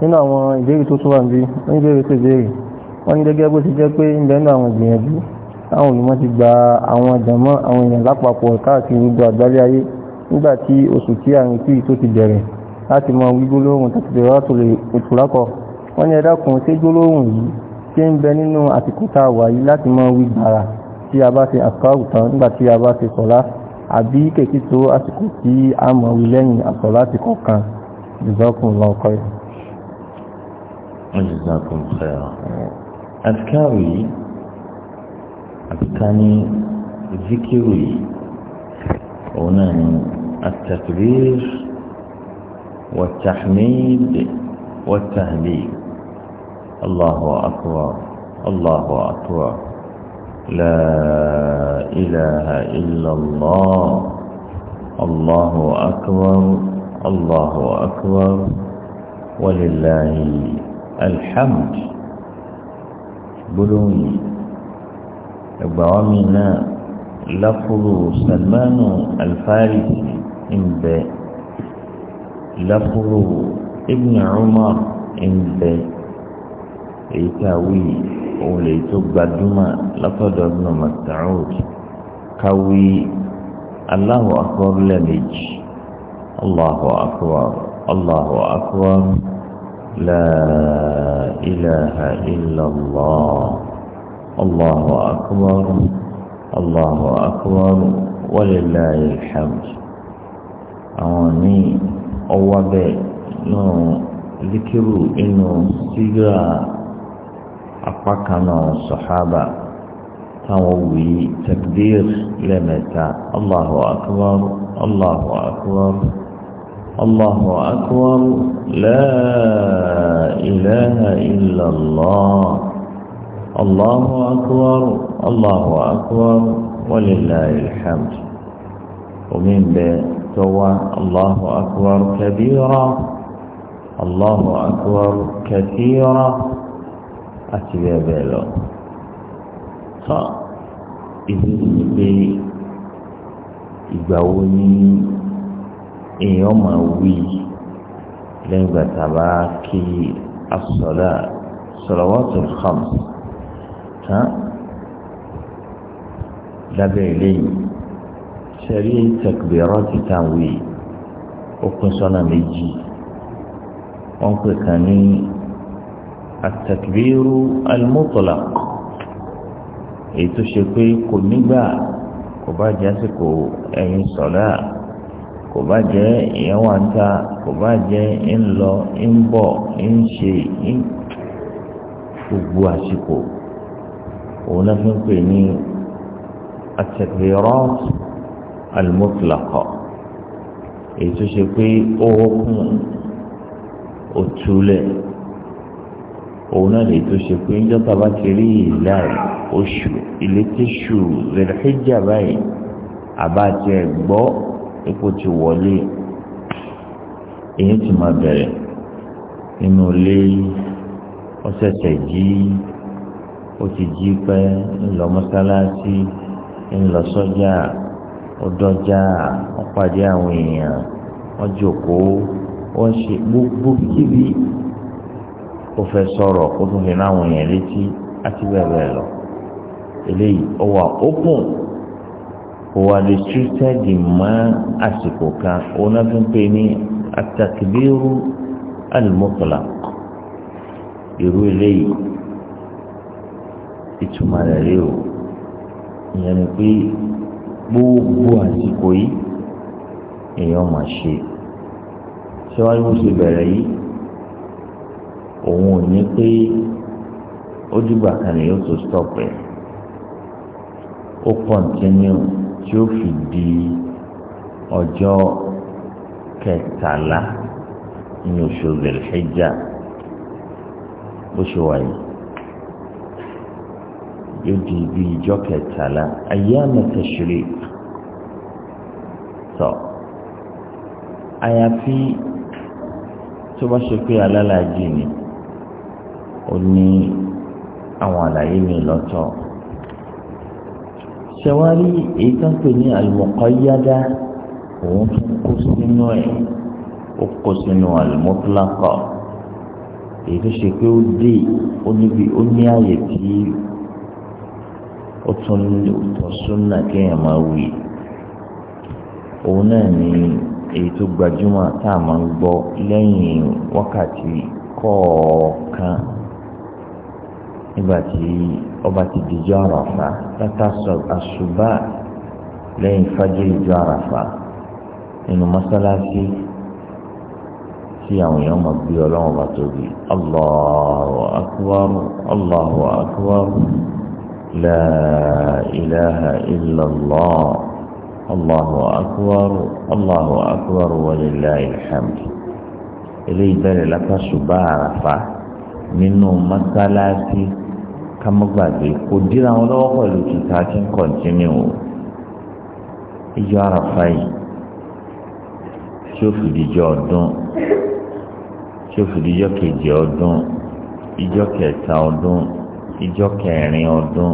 nínú àwọn ìbéèrè tó tún wà níbí wọ́n ní béèrè tó béèrè wọ́n ní gẹ́gẹ́ bó ti jẹ́ pé ń bẹ́ẹ̀ nínú àwọn ìgbìyànjú àwọn olùmọ̀ ti gba àwọn jàmọ́ àwọn èèyàn lápapọ̀ káàkiri gbogbo àgbáyé ayé nígbà tí oṣù tí àrùn tí tó ti bẹ̀rẹ̀ láti mọ wí gbólóhùn tàbí bẹ̀rẹ̀ láti lè ìtùlákọ̀ wọ́n ní ẹ̀dákun tí gbólóhùn yìí tí ń bẹ nínú àsìkò tá a wà yìí láti mọ wí gbàrà tí a bá ṣe àsìkáàrù tán nígbà tí a bá ṣe sọ̀lá àbí kèkí tó àsìkò tí a mọ̀ wí lẹ́yìn àsọ̀lá ti kọ̀ọ̀kan jùzọ́kùn lọ́kọ̀ọ́ وجزاكم خيرا أذكاري أذكاري ذكري هنا التكبير والتحميد والتهليل الله أكبر الله أكبر لا إله إلا الله الله أكبر الله أكبر ولله الحمد بلوي أبوامنا لفظ سلمان الفارسي عند لفظ ابن عمر عند إيتاوي وليتو قدما لفظ ابن مسعود كوي الله أكبر لمج الله أكبر الله أكبر لا إله إلا الله الله أكبر الله أكبر ولله الحمد أواني أوابي نو ذكروا إنه سيجرى أفاكنا الصحابة توي تكبير لمتى الله أكبر الله أكبر الله أكبر لا إله إلا الله الله أكبر الله أكبر ولله الحمد ومن بتوى الله أكبر كبيرا الله أكبر كثيرا أتبع بلو فإذن بي إذن èèyàn máa wí lẹ́yìn ìgbà tá a bá kí asọ̀lá salawatul khams tán lábẹ́ eléyìí sẹ́rí tẹ̀kbẹ̀rọ̀ títà wí ó pín sọ́nà méjì wọ́n pè kàn ní àtẹ̀kbẹ̀rù al èyí tó ṣe pé kò nígbà kò bá jásìkò ẹ̀yìn sọ̀lá kò bá jẹ́ èèyàn wà ń ta kò bá jẹ́ ń lọ ń bọ̀ ń ṣe ń gbogbo àsìkò òun náà fi ń pè ní at-takbirat al-mutlaqa èyí tó ṣe pé ó hókùn òtúlẹ̀ òun náà lè tó ṣe pé níjọba bá ti rí ìlà oṣù ìlétíṣù Dhul Hijjah báyìí àbá tiẹ̀ gbọ́ ipò ti wọlé èyí ti máa bẹ̀rẹ̀ nínú ilé ọ̀sẹ̀sẹ̀ jí ó ti jí pẹ́ ńlọ mọ́sálásí ńlọ sọ́jà ọdọ́jà ọ̀pàdé àwọn èèyàn wọ́n jókòó wọ́n ṣe gbogbo kíbi ó fẹ́ sọ̀rọ̀ ó tún fi náà àwọn èèyàn létí àti bẹ́ẹ̀ bẹ́ẹ̀ lọ eléyìí ó wà kò wà restricted mọ́ àsìkò kan òun náà ní atakibiru al-mutlaq irú eléyìí ìtumọ̀ rẹ̀ rí o ìyẹn ni pé gbogbo àsìkò yìí èèyàn máa ṣe síwájú bó ṣe bẹ̀rẹ̀ yìí òun ò ní pé ó dìgbà kan ni yóò tó stop ẹ̀ ó continue tí ó fi di ọjọ́ kẹtàlá ní oṣù Dhul-Hijja oṣù wáyé yóò di ibi ìjọ kẹtàlá ayyam at-tashriq tọ àyàfi tó bá ṣe pé alálàájì ni ó ní àwọn àlàyé mi lọ́tọ̀ ṣẹwárí èyí tó ń pè ní àlùmọ̀kọ́yádá òun tún kó sínú ẹ̀ ó kó sínú àlùmọ́tòlákọ̀ èyí tó ṣe pé ó dé ó níbi ó ní àyè tí ó tún súnà kéèyàn máa wí òun náà ni èyí tó gbajúmọ̀ tá a máa ń gbọ́ lẹ́yìn wákàtí kọ̀ọ̀kan nígbà tí ọba ti dìjọ àràfà látà àṣùbà lẹ́yìn fájìrì jọ àràfà nínú mọ́sálásí tí àwọn èèyàn mọ̀ bí ọlọ́run bá tóbi Allahu akbar Allahu akbar la ilaha illallah Allahu akbar Allahu akbar wa lillahi alhamd eléyìí bẹ̀rẹ̀ látà àṣùbà àràfà nínú mọ́sálásí kámọ́gbàgbé kò dira wọn lọ́wọ́ pẹ̀lú kìtà tí ń kọ̀ntínú o ìjọ àràfà yìí tí ó fìdíjọ ọdún tí ó fìdíjọ kejì ọdún ìjọ kẹta ọdún ìjọ kẹrin ọdún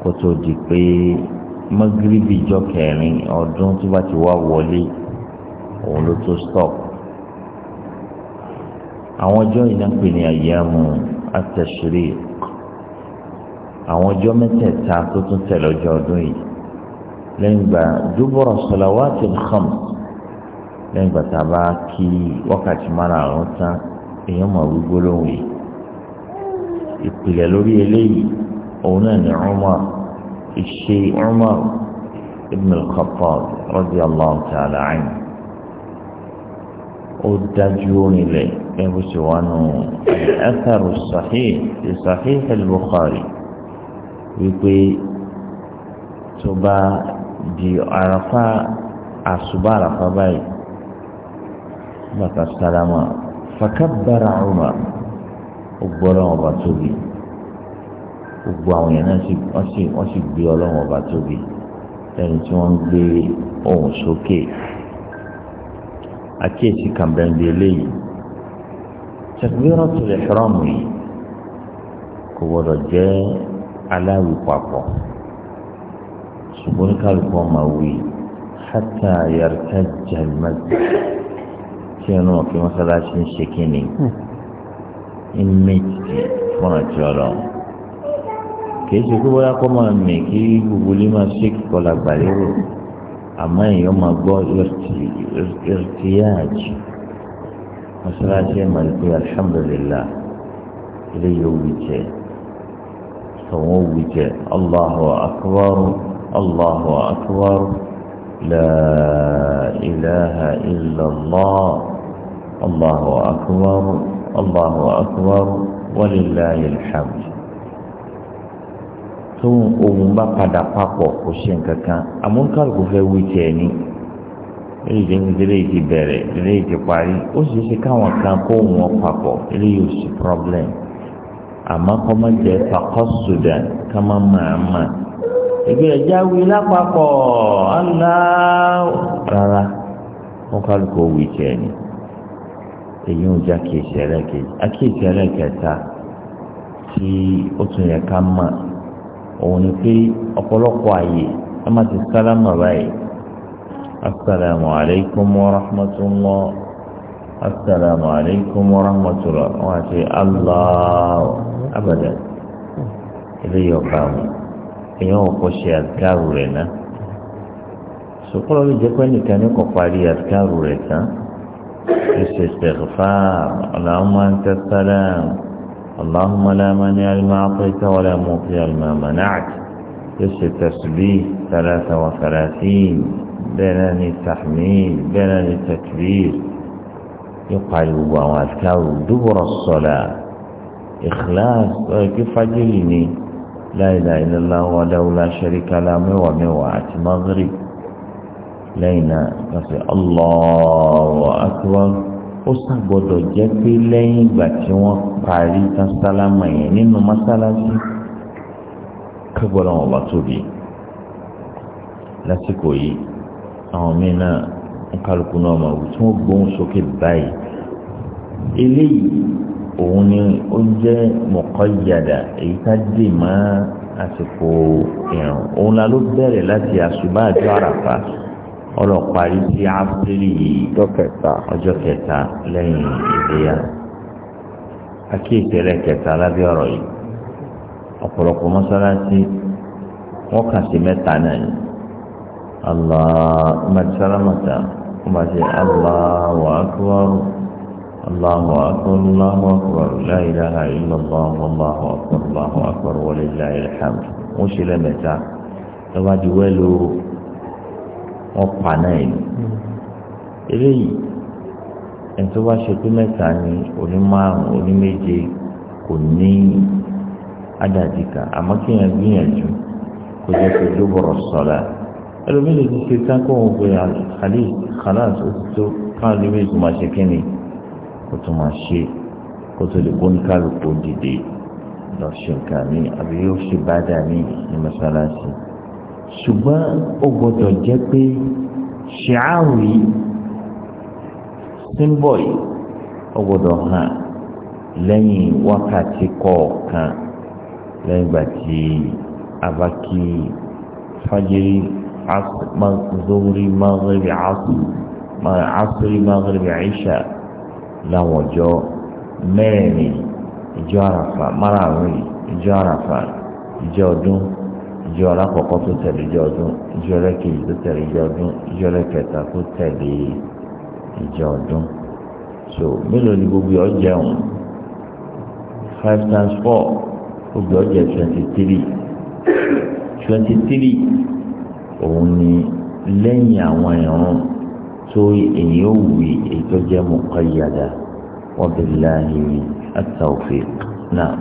kó tó di pé mọ́gíríbì ìjọ kẹrin ọdún tó bá ti wá wọlé òun ló tó stop àwọn ọjọ́ yìí náà ń pè ní àyàmù at-tashriq àwọn ọjọ́ mẹ́tẹ̀ẹ̀ta tó tún tẹ̀lé ọjọ́ ọdún yìí lẹ́yìn gbà dúbọ̀rọ̀ salawatil khams lẹ́yìn gbà tá a bá kí wákàtí márààrún tán èèyàn mọ̀ wí gbólóhùn yìí ìpìlẹ̀ lórí eléyìí òun náà ní Umar ìṣe Umar ibn al-Khattab radiyallahu ta'ala anhu ó dájú orin lẹ́yìn. كبسوان الأثر الصحيح في صحيح البخاري wípé tó bá di àràfà àṣùbà àràfà báyìí bàtà sálámà fakabbara Umar ó gbọ́dọ̀ ọba tóbi gbogbo àwọn èèyàn náà wọ́n sì gbé ọlọ́run ọba tóbi lẹ́nu tí wọ́n gbé ohùn sókè àkíyèsí kàmbẹ́ndé eléyìí takbiratul ihram yìí kò gbọdọ̀ jẹ́ aláwì papọ̀ ṣùgbọ́n kálukú ọmọ wí hatta yartajja al-masjid tí ẹnu ọ̀kí mọ́sálásí ń ṣe kíni ń méjì fún ọ̀tí ọ̀rọ̀ kìí ṣe kí bóyá kọ́ máa mì kí gbogbo ilé máa ṣe kíkọ́ làgbà lérò àmọ́ èèyàn máa gbọ́ irtiyaji mọ́ṣáláṣí ẹ̀mọ̀ rí pé alhamdulillah ilé yóò wí jẹ́ tọ̀wọ́ wí jẹ́ Allahu akbar Allahu akbar la ilaha illallah Allahu akbar Allahu akbar walillahil hamd tóun ohun bá padà papọ̀ kò ṣe nǹkan kan àmúkàlùkù fẹ́ wí ni eléyìí ní eléyìí ti bẹ̀rẹ̀ eléyìí ti parí ó sì ṣe káwọn kan kó wọn papọ̀ eléyìí ò sí problem àmọ́ kọ́ má jẹ́ takọ́sùdà ká má máa mà ẹgbẹ́ ẹ̀já wí lápapọ̀ ọ̀la rárá wọn kálukú wí tiẹ̀ ni èyí ń já kéèsì ẹlẹ́kẹ̀ẹ́jì akéèsì ẹlẹ́kẹ̀ẹ́ta tí ó tún yẹ ká mà òun ni pé ọ̀pọ̀lọpọ̀ àyè ẹ má ti sálámà báyìí. السلام عليكم ورحمة الله السلام عليكم ورحمة الله وعشي الله أبدا إذا يقام èèyàn kò ṣe àdìkárù rẹ̀ náà sòkòrò lè jẹ́ pé nìkan ní kò parí àdìkárù rẹ̀ tán ṣe ṣèkfà ọ̀làmà ń tẹ́sálẹ̀ ọ̀làmà lámà ní àlùmá àpẹ́tẹ́ wọlé mú fi àlùmá mọ̀nàkì ṣe ṣe tẹ̀sùbí sàlàsà wà sàlàsìn bẹ́ẹ̀ náà ni tahmid bẹ́ẹ̀ náà ni takbir ìparí gbogbo àwọn àtikáwò dúbọ̀rọ̀ sọ̀là ikhlas ọ̀rẹ́ kí fájìlì ni la ilaha illallah wahdahu la sharika lahu mẹ́wàá mẹ́wàá àti maghrib lẹ́yìn náà wọ́n sọ Allahu akbar ó sàgbọ́dọ̀ jẹ́ pé lẹ́yìn ìgbà tí wọ́n parí sálámà yẹn nínú mọ́sálásí kẹ́gbọ́dọ̀ wọn bá tóbi lásìkò yìí àwọn míì náà kálukú náà máa wù tí wọ́n gbóhùn sókè báyìí eléyìí òun ni ó jẹ́ mọ̀kọ́yàdà èyí ká dè má àsìkò ìrùn òun la ló bẹ̀rẹ̀ láti àṣùbà àjọ àràfà ọlọ́parí sí áfírí ọjọ́ kẹta lẹ́yìn ìdíyà akéèkéré kẹta lábẹ́ ọ̀rọ̀ yìí ọ̀pọ̀lọpọ̀ mọ́sálásí wọ́n kà sí mẹ́ta náà yìí. Allah macara mata masih Allahu akbar Allahu akbar Allahu akbar la ilaha illallah wallahu akbar Allahu akbar walillahil hamd ó ṣe lẹ́mẹ̀ta lọ́wọ́ ju wẹ́lú wọn pa náà yìí eléyìí ẹni tó bá ṣe pé mẹ́ta ni oní márùn-ún oní méje kò ní ádàdìkà àmọ́ kí yẹn gbìyànjú pé dúbọ̀rọ̀ sọ̀rọ̀ ẹlòmí lè ti ṣe tákò òun pé àlè kàlàs ó ti tó káà lè wéyìí tó máa ṣe kí ni kó tó máa ṣe kó tó lè gbóni kálukú dìde lọ ṣe nǹkan mi àbí yóò ṣe bá dà mí ní mọ́ṣáláṣí ṣùgbọ́n ó gbọ́dọ̀ jẹ́ pé ṣìáàrù yìí símbọ̀ yìí ó gbọ́dọ̀ hàn lẹ́yìn wákàtí kọ̀ọ̀kan lẹ́yìn ìgbà tí a bá kí fájiri عصر ظهري مغرب عصر عصر مغرب عشاء láwọn ọjọ́ mẹ́rin ìjọ àràfà márààrún ìjọ àràfà ìjọ ọdún ìjọ alákọ̀ọ́kọ́ tó tẹ̀lé ìjọ ọdún ìjọ ẹlẹ́kejì tó tẹ̀lé ìjọ ọdún ìjọ ẹlẹ́kẹta tó tẹ̀lé ìjọ ọdún so mélòó ni gbogbo ọjẹun five times four gbogbo ọjẹ twenty three twenty three òun ni lẹ́yìn àwọn ìrun tó èyí ò wí èyí tó jẹ́ mọ̀kọ́ yàrá wọ́n bẹ̀rẹ̀ láàyè àtàwọ̀fẹ́ náà.